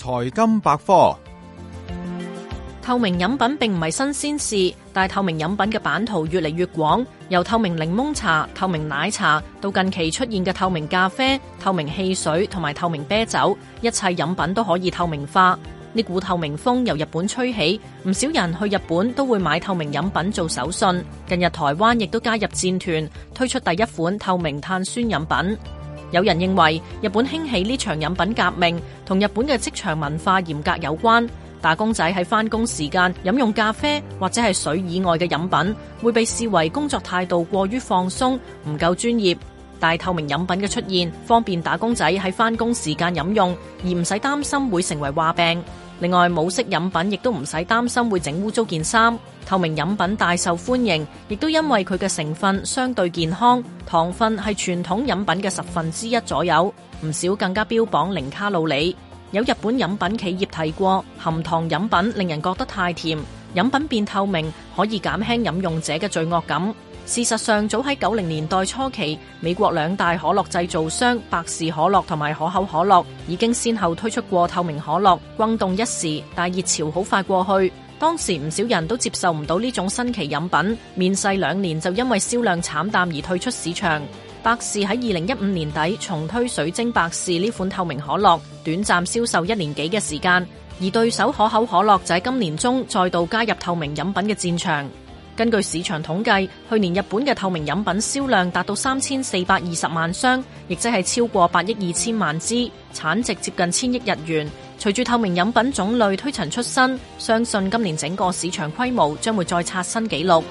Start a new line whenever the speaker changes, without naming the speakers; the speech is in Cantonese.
財金百科，
透明飲品並唔係新鮮事，但透明飲品嘅版圖越嚟越廣，由透明檸檬茶、透明奶茶到近期出現嘅透明咖啡、透明汽水同埋透明啤酒，一切飲品都可以透明化。呢股透明風由日本吹起，唔少人去日本都會買透明飲品做手信。近日台灣亦都加入戰團，推出第一款透明碳酸飲品。有人認為，日本興起呢場飲品革命，同日本嘅職場文化嚴格有關。打工仔喺返工時間飲用咖啡或者係水以外嘅飲品，會被視為工作態度過於放鬆，唔夠專業。但透明飲品嘅出現，方便打工仔喺返工時間飲用，而唔使擔心會成為話柄。另外，冇色飲品亦都唔使擔心會整污糟件衫。透明飲品大受歡迎，亦都因為佢嘅成分相對健康，糖分係傳統飲品嘅十分之一左右。唔少更加標榜零卡路里。有日本飲品企業提過，含糖飲品令人覺得太甜，飲品變透明可以減輕飲用者嘅罪惡感。事實上，早喺九零年代初期，美國兩大可樂製造商百事可樂同埋可口可樂已經先後推出過透明可樂，轟動一時，但熱潮好快過去。當時唔少人都接受唔到呢種新奇飲品，面世兩年就因為銷量慘淡而退出市場。百事喺二零一五年底重推水晶百事呢款透明可樂，短暫銷售一年幾嘅時間，而對手可口可樂就喺今年中再度加入透明飲品嘅戰場。根據市場統計，去年日本嘅透明飲品銷量達到三千四百二十萬箱，亦即係超過八億二千萬支，產值接近千億日元。隨住透明飲品種類推陳出新，相信今年整個市場規模將會再刷新紀錄。